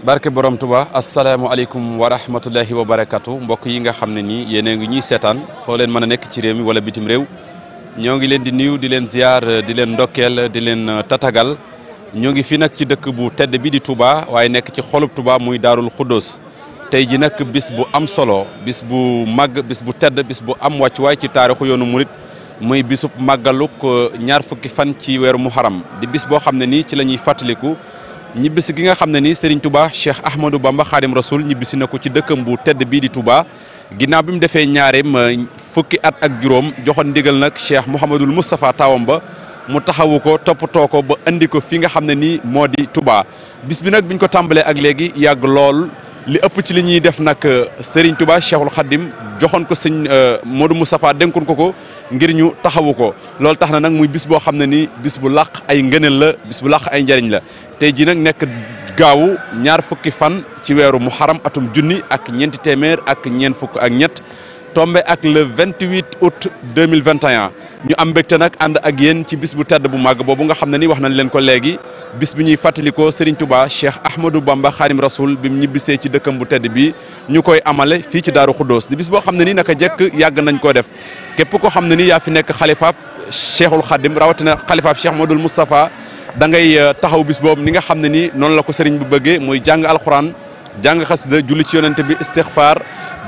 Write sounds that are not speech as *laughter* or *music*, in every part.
barke borom tuba asalaamaaleykum wa rahmatullahi wa barakatu mbokk yi nga xam ne nii yéena ngi ñuy seetaan foo leen mën a nekk ci réew mi wala bitim réew ñoo ngi leen di nuyu di leen ziar di leen ndokkeel di leen uh, tatagal ñoo ngi fi nag ci dëkk bu tedd bi di Touba waaye nekk ci xolub Touba muy daarul xuddoos tey ji nag bis bu am solo bis bu màgg bis bu tedd bis bu am wàccuwaay ci taarixu yoonu murit muy bisub màggaluk uh, ñaar fukki fan ci weeru mu di bis boo xam ne nii ci la ñuy fàttaliku ñibbisi gi nga xam ne ni Serigne Touba Cheikh Ahmadou Bamba Khadim Rasoul ñibbisi na ko ci dëkkam bu tedd bii di tubaa ginnaaw bi mu defee ñaareem euh, fukki at ak juróom joxoon ndigal nag Cheikh Mouhamadul Moustapha tawam ba mu taxawu ko toppatoo ko ba indi ko fi nga xam ne nii moo di Touba bis bi nag bi biñ ko tàmbalee ak léegi yàgg lool li ëpp ci li ñuy def nag euh, Serigne Touba Cheikhul Khadim joxoon ko sëñ euh, Modou Moustapha dénkoon ko ko ngir ñu taxawu ko loolu tax na nag muy bis boo xam ne nii bis bu làq ay ngëneel la bis bu làq ay njariñ la tey jii nag nekk gaawu ñaar fukki fan ci weeru xaram atum junni ak ñeenti téeméer ak ñeent fukk ak ñett tombe ak le 28 août 2021 ñu am mbégte nag ànd ak yéen ci bis bu tedd bu màgg boobu nga xam ne ni wax nañ leen ko léegi bis bi ñuy fàttalikoo Serigne Touba Cheikh Ahmadou Bamba Xaadim Rasoul bi ñibbisee ci dëkkam bu tedd bi ñu koy amale fii ci Daaru Xuddoos di bis boo xam ne ni naka jekk yàgg nañ koo def képp koo xam ne ni yaa fi nekk xalifaab Cheikhul Xaadim rawatina xalifaab Cheikh Modou Moustapha da ngay euh, taxaw bis boobu ni nga xam ne ni noonu la ko Serigne bu bëggee muy jàng alxuraan jàng xasida julli ci yonente bi istixfaar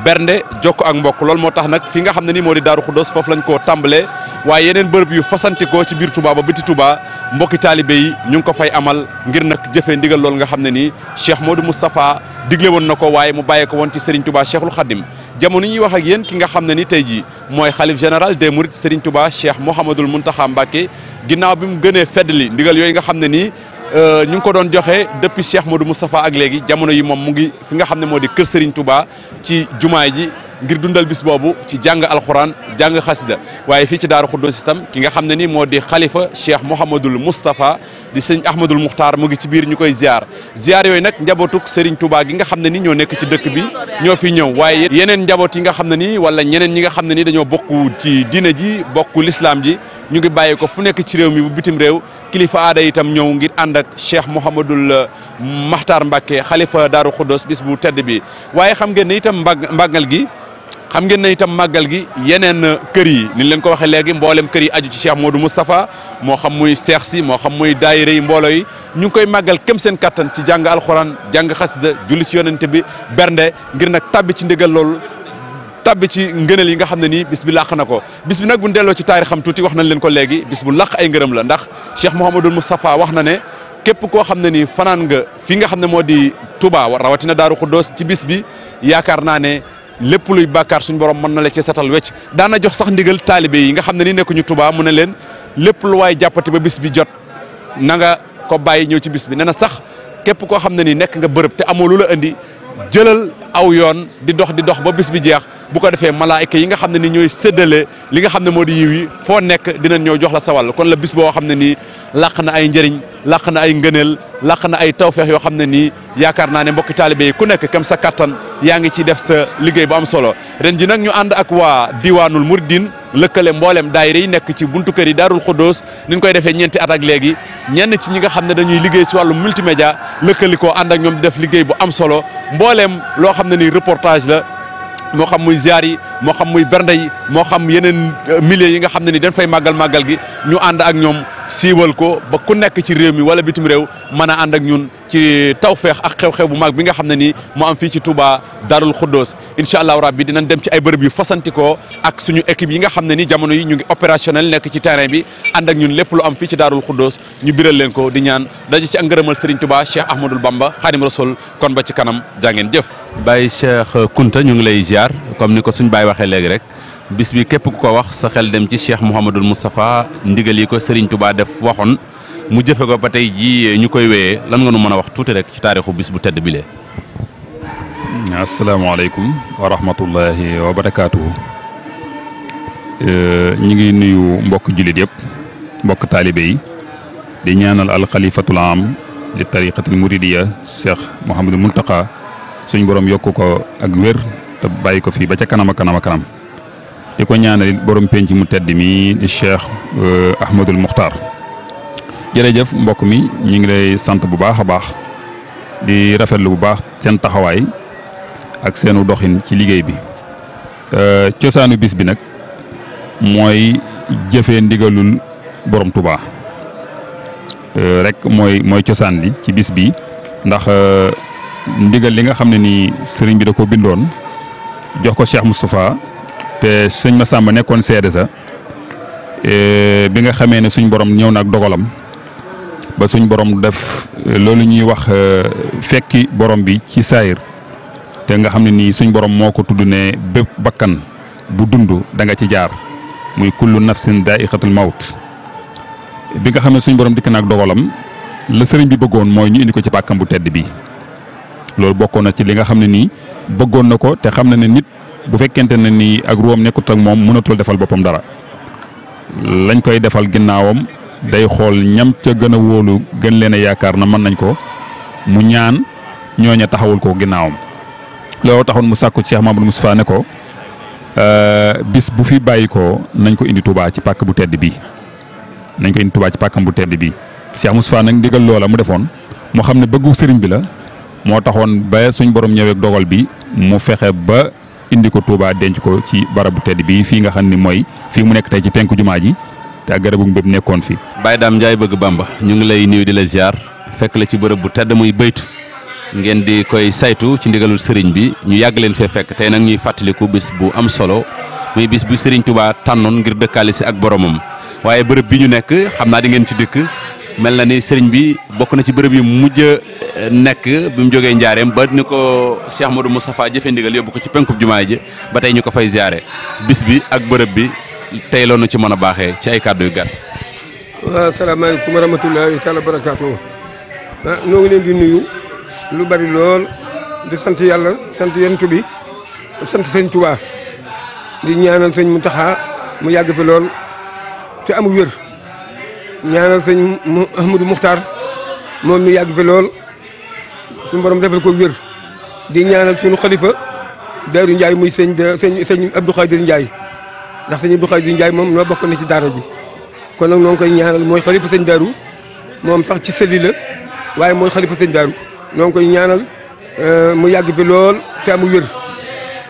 bernde jokk ak mbokk loolu moo tax nag fi nga xam ne nii moo di Daaru Xuddoos foofu lañ koo tàmbalee waaye yeneen bërëb yu fasantikoo ci biir Touba ba biti Touba mbokki taalibe yi ñu ngi ko fay amal ngir nag jëfe ndigal loolu nga xam ne nii Cheikh Modou Moustapha digle woon na ko waaye mu bàyyee ko woon ci Serigne Touba Cheikhul Khadim jamono ñuy wax ak yéen ki nga xam ne ni tey jii mooy xalif général des Mourides Serigne Touba Cheikh Mouhamadoul Mountakha Mbacké ginnaaw bi mu gënee feddali ndigal yooyu nga xam ne nii Euh, ñu ngi ko doon joxe depuis Cheikh Modou Moustapha ak léegi jamono yi moom mu ngi fi nga xam ne moo di kër Serigne Touba ci jumaay ji ngir dundal bis boobu ci jàng alxuraan jàng xasida waaye fii ci Daaru Xuddoos itam ki nga xam ne ni moo di xalifa Cheikh Mouhamadul Moustapha di sëñ Ahmadul Muxtaar mu ngi ci biir ñu koy ziar ziar yooyu nag njabootuk sëriñ Touba gi nga xam ne ni ñoo nekk ci dëkk bi ñoo fi ñëw waaye yeneen njaboot yi nga xam ne nii wala ñeneen ñi nga xam ne ni dañoo bokk ci diine ji bokk lislaam ji ñu ngi bàyyi ko fu nekk ci réew mi bu bitim réew kilifa aada itam ñëw ngir ànd ak cheikh Mouhamadul euh, Makhtar Mbacke xalifa Daaru Khoudoss bis bu tedd bi waaye xam ngeen ne itam mbag mbàggal gi xam ngeen itam màggal gi yeneen euh, kër yi ni leen ko waxee léegi mboolem kër yi aju ci Cheikh Modou Moustapha moo xam muy seex si moo xam muy daayira yi mbooloo yi ñu ngi koy màggal kem seen kattan ci jàng alxuraan jàng xasida julli ci yonente bi bernde ngir nag tàbbi ci ndigal lool tabbi ci ngëneel yi nga xam ne nii bis bi làq na ko bisbi nag bu ñu delloo ci taarix xam tuuti wax na leen ko léegi bis bu làq ay ngërëm la ndax Cheikh Mouhamadul Moustapha wax na ne képp koo xam ne ni fanaan nga fi nga xam ne moo di Touba rawatina Daaru Xuddoos ci bis bi yaakaar naa ne lépp luy bàkkaar suñ borom mën na la ci setal wecc daana jox sax ndigal yi nga xam ne nii nekkuñu Touba mu ne leen lépp lu waay jàppati ba bis bi jot na nga ko bàyyi ñëw ci bis bi nee na sax képp koo xam ne nii nekk nga bërëb te amoo lu la andi jëlal aw yoon di dox di dox ba bis bi jeex bu ko defee malaayka yi nga xam ne ni ñooy séddale li nga xam ne moo di yiw yi foo nekk dinañ ñëw jox la sa wàll kon la bis boo xam ne ni làq na ay njëriñ làq na ay ngëneel làq na ay tawfeex yoo xam ne nii yaakaar naa ne mbokki taalibe ku nekk kam sa kattan yaa ngi ciy def sa liggéey bu am solo ren ji nag ñu ànd ak waa diwaanul muridin lëkkale mboolem daayira yi nekk ci buntu kër yi daarul xuddoos ni ñu koy defee ñeenti at ak léegi ñenn ci ñi nga xam ne dañuy liggéey ci wàllu multimédia lëkkalikoo ànd ak ñoom def liggéey bu am solo mbooleem loo xam ne ni reportage la moo xam muy ziar yi moo xam muy bernde yi moo xam yeneen euh, millier yi nga xam ne ni dañ fay màggal màggal gi ñu ànd ak ñoom siiwal ko ba ku nekk ci réew mi wala bitim réew mën a ànd ak ñun ci tawfeex ak xew-xew bu mag bi nga xam ne nii moo am fii ci Touba Darul Khuddoos incha allahu rabbi dinañ dem ci ay bërëb yu fasantikoo ak suñu équipe yi nga xam ne ni jamono yi ñu ngi opérationnel nekk ci terrain bi ànd ak ñun lépp lu am fii ci Darul Khuddoos ñu biral leen ko di ñaan daje ci ak ngërëmal Serigne Touba Cheikh Ahmadul Bamba Xaadim Rasul kon ba ci kanam jaa ngeen bàyyi Cheikh Kunta ñu ngi lay jaar comme ni ko suñ Baye waxee léegi rek bis bi képp ku ko wax sa xel dem ci Cheikh Mouhamadul Moustapha ndigal yi ko Serigne baa def waxoon mu jëfe ko ba tey jii ñu koy wéyee lan nga nu mën a wax tuuti rek ci taarixu bis bu tedd bi lee. asalaamaaleykum wa rahmatullahi wa barakaatuhu. ñu ngi nuyu mbokk jullit yëpp mbokk taalibe yi di ñaanal alxalifatul am li tariqatil muridiya Cheikh Mouhamadul Muntaqa suñ borom yokk ko ak wér bàyyi ko fii ba ca kanam a kanam kanam di ko ñaanal borom penc mu tedd mi di Cheikh euh, Ahmadul Muxtaar jërëjëf mbokk mi ñu ngi lay sant bu baax a baax di rafetlu bu baax seen taxawaay ak seenu doxin ci liggéey bi euh, cosaanu bis bi nag mooy jëfee ndigalul borom tubaa euh, rek mooy mooy cosaan li ci bis bi ndax ndigal li nga xam ne nii sëriñ bi da ko bindoon jox ko Cheikh Moustapha te sëñ Massamba nekkoon seede sa e, bi nga xamee ne suñ borom ñëw na ak dogalam ba suñ borom def e, loolu ñuy wax e, fekki borom bi ci saayir te nga xam ne nii suñ borom moo ko tudd ne bépp bakkan bu dund danga ci jaar muy kullu nafsin daa'iqatul mawt bi nga xam ne suñ borom dikk na ak dogalam la sëriñ bi bëggoon mooy ñu indi ko ci bàkkam bu tedd bi loolu bokkoon na ci li nga xam ne nii bëggoon na ko te xam na ne nit bu fekkente ne nii ak ruwam nekkut ak moom mënatul defal boppam dara lañ koy defal ginnaawam day xool ñam ca gën a wóolu gën leen a yaakaar na mën nañ ko mu ñaan ñooña taxawul ko ginnaawam loolu taxoon mu sàkku Cheikh Mamadou Moustapha ne ko euh, bis bu fi bàyyi ko nañ ko indi Touba ci pàkk bu tedd bi nañ ko indi Touba ci pàkkam bu tedd bi Cheikh Moustapha nag ndigal loola mu defoon moo xam ne bëggu sëriñ bi la. moo taxoon ba suñ borom ñëwee dogal bi mu fexe ba indi ko Touba denc ko ci barabu tedd bii fii nga xam ni mooy fii mu nekk tey ci penku jumaa ji te ak garabu mbéb nekkoon fi. Baye Dame Ndiaye bëgg Bamba ñu ngi lay nuyu di la ziar fekk la ci bërëb bu tedd muy béytu ngeen di koy saytu ci ndigalul sëriñ bi ñu yàgg leen fee fekk tey nag ñuy fàttaliku bis bu am solo muy bis bu sëriñ Touba tànnoon ngir dëkkaale si ak boromam waaye bërëb bi ñu nekk xam naa di ngeen ci dëkk. mel na ni sëriñ bi bokk na ci bërëb yi mu mujj eh, nekk bi mu jógee njaareem ba dina ko Cheikh Modou Moustapha jëfe ndigal yóbbu ko ci penku jumaa ji ba tey ñu ko fay ziare bis bi ak bërëb bi tey loonu ci mën a baaxee ci ay kàddu yu gàtt. waaw salaamaaleykum wa rahmatullahi taala barakaatu ah, noo ngi leen nuyu lu bari lool di sant yàlla sant yonent bi sant sëñ Tuubaa di ñaanal sëñ Muntaxa mu yàgg fi lool te amu wér. ñaanal sëñ Ahmadou Muxtaar moom nu yàgg fi lool suñu borom defal ko wér di ñaanal suñu xalifa Daaru njaay muy sëñ sëñ sëñ Abdou Khadir ndax sëñ Abdou Khadir Ndiaye moom noo bokk na ci daara ji kon nag noo koy ñaanal mooy xalifa sëñ Daaru moom sax ci sëli la waaye mooy xalifa sëñ Daaru noo ngi koy ñaanal euh, mu yàgg fi lool te amu wér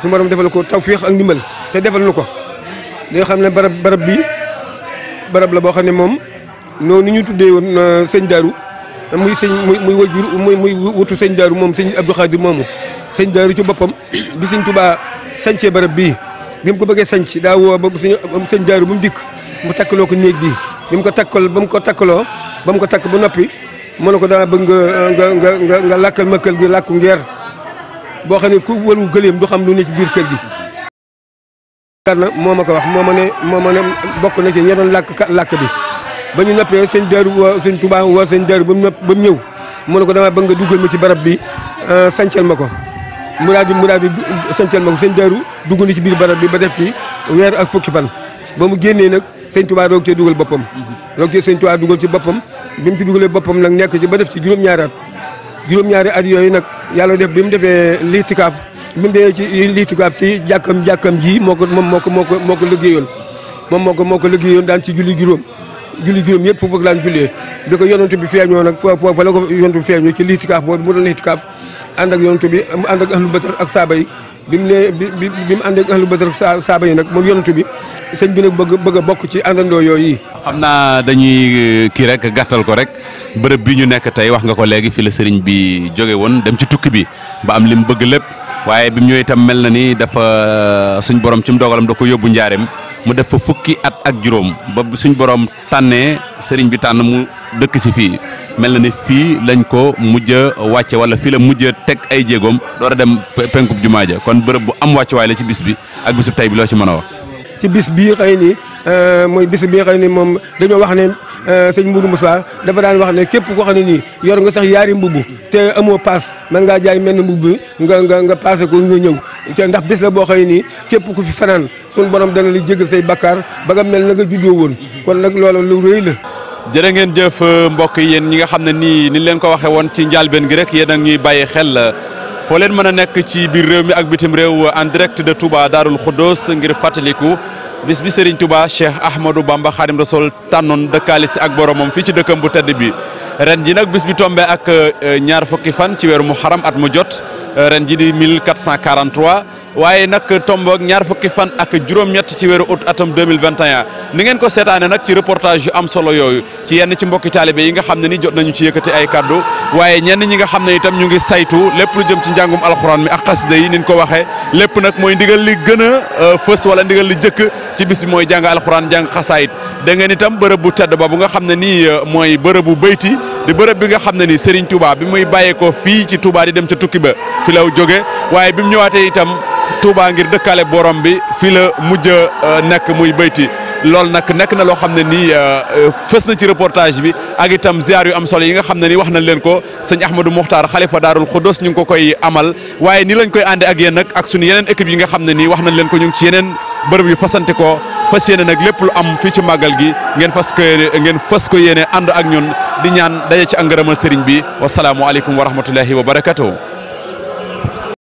suñu borom defal ko tawféex ak ndimbal te defal nu ko li nga xam ne barab barab bi barab la boo xam ne moom noonu ñu tuddee woon euh, sëñ Daaru muy sëñ muy muy wajur muy muy wutu sëñ Daaru moom sëñ Abdou Khadir moomu sëñ Daaru ci boppam *coughs* bi sëñ Touba sancee barab bii bi mu ko bëggee sanc daa woo ba sëñ Daaru bu mu dikk mu takkaloo ko néeg bii bi mu ko takkal ba mu ko takkaloo ba mu ko takk ba noppi mu ne ko daa bëgg nga nga nga nga làkkal ma kër gi làkku ngeer boo xam ne ku wëlu gëleem du xam lu ne ci biir kër gi karna moo ma ko wax moo ma ne moo ma ne bokk na ci ñe doon lakk bi ba ñu noppee sëñ Daaru woo sëñ Touba woo sëñ ba mu nopp ñëw mu ne ko dama bëgg nga dugal ma ci barab bi euh, sancal ma ko mu daal di mu daal di sancal ma ko sëñ Daaru dugg na ci biir barab bi ba def ci weer ak fukki fan ba mu génnee nag sëñ Touba doog cee dugal boppam doog cee sëñ Touba dugal ci boppam bi mu ci dugalee boppam nag nekk ci ba def ci juróom-ñaari at juróom-ñaari at yooyu nag yàlla def bi mu defee liitikaaf bi mu defee ci liitikaaf ci jàkkam jàkkam ji moo ko moom moo ko moo ko moo liggéeyoon moom moo ko moo ko liggéeyoon daan ci julli juróom julli juróom yëpp foofu laan jullee bi ko yonent bi feeñoo ñoo foofu la ko yonent bi feeñoo ci liitikaaf boobu mu doon liitikaaf ànd ak yonent bi mu ànd ak ahlu ak saaba bi mu nee bi bi mu ànd ak ahlu basar saaba yi nag moom yonent bi sëñ bi nag bëgg bëgg a bokk ci àndandoo yooyu yi xam naa dañuy euh, kii rek gàttal ko rek bërëb bi ñu nekk tey wax nga ko léegi fi la sëriñ bi joge woon dem ci tukki bi ba am li mu bëgg lépp waaye bi mu ñëwee itam mel na ni dafa suñ borom ci mu dogalam da ko yóbbu njaareem mu def fa fukki at ak juróom ba suñ boroom tànnee sëriñ bi tànn mu dëkk si fii mel na ni fii lañ ko mujj a wàcce wala fii la mujj teg ay jéegoom door dem penkub jumaa ja kon bërëb bu am wàccuwaay la ci bis bi ak bisub tey bi loo ci mën a wax. ci bis bii xëy ni euh, mooy bis bii xëy ni moom dañoo wax ne. Euh, sëñ Mourou Moussa dafa daan wax ne képp koo xam ne nii yor nga sax yaari mbubb te amoo paas man ngaa jaay mel ni mbubb nga nga nga paase ko nga ñëw te ndax bis la boo xay nii képp ku fi fanaan suñu borom dana li jégal say bakkaar ba mel na nga juddoo woon kon nag lu rëy la jërë ngeen jëf mbokk yi yéen ñi nga xam ne nii ni leen ko waxee woon ci njaalbeen gi rek yéen ak ñuy bàyyi xel foo leen mën a nekk ci biir réew mi ak bitim réew en direct de Touba Darou Khoudoss ngir fàttaliku bis bi Serigne Touba Cheikh Ahmadou Bamba Khadim Rasoul tànnoon dëkkaale si ak boromam fii ci dëkkam bu tedd bi ren ji nag bis bi tombé ak euh, ñaar fukki fan ci weeru xaram at mu jot euh, ren ji di 1443. waaye nag tomboog ñaar fukki fan ak juróom-ñett ci weeru août atum 2021 ni ngeen ko seetaane nag ci reportage yu am solo yooyu ci yenn ci mbokki taalibe yi nga xam ne ni jot nañu ci yëkkati ay kaddu waaye ñenn ñi nga xam ne itam ñu ngi saytu lépp lu jëm ci njàngum alxuraan mi ak xasida yi niñ ko waxee lépp nag mooy ndigal li gën a euh, fës wala ndigal li jëkk ci bis mooy jàng alxuraan jàng xasaayit da ngeen itam bërëb bu tedd ba bu nga xam ne nii euh, mooy bërëbu bayti di bërëb bi nga xam ne ni Serigne Touba bi muy bàyyeekoo fii ci Touba di dem ca tukki ba fi la jóge waaye bi mu ñëwaatee itam Touba ngir dëkkaale borom bi fi la mujj euh, nekk muy bayti loolu nag nekk na loo xam ne nii euh, fës na ci reportage bi ak itam ziar yu am solo yi nga xam ne ni wax na leen ko sëñ Ahmadou Moukhtar xalifa Daarul Xudos ñu ngi ko koy amal waaye ni lañ koy àndee ak yéen nag ak sunu yeneen équipe yi nga xam ne nii wax nañ leen ko ñu ngi ci yeneen. bërëb yi fasante ko fas yéene nag lépp lu am fii ci màggal gi ngeen fas ko ngeen fas ko yéene ànd ak ñun di ñaan daje ci ngërëmal sëriñ bi wa wasalaamualeykum wa rahmatullahi wa barakatuh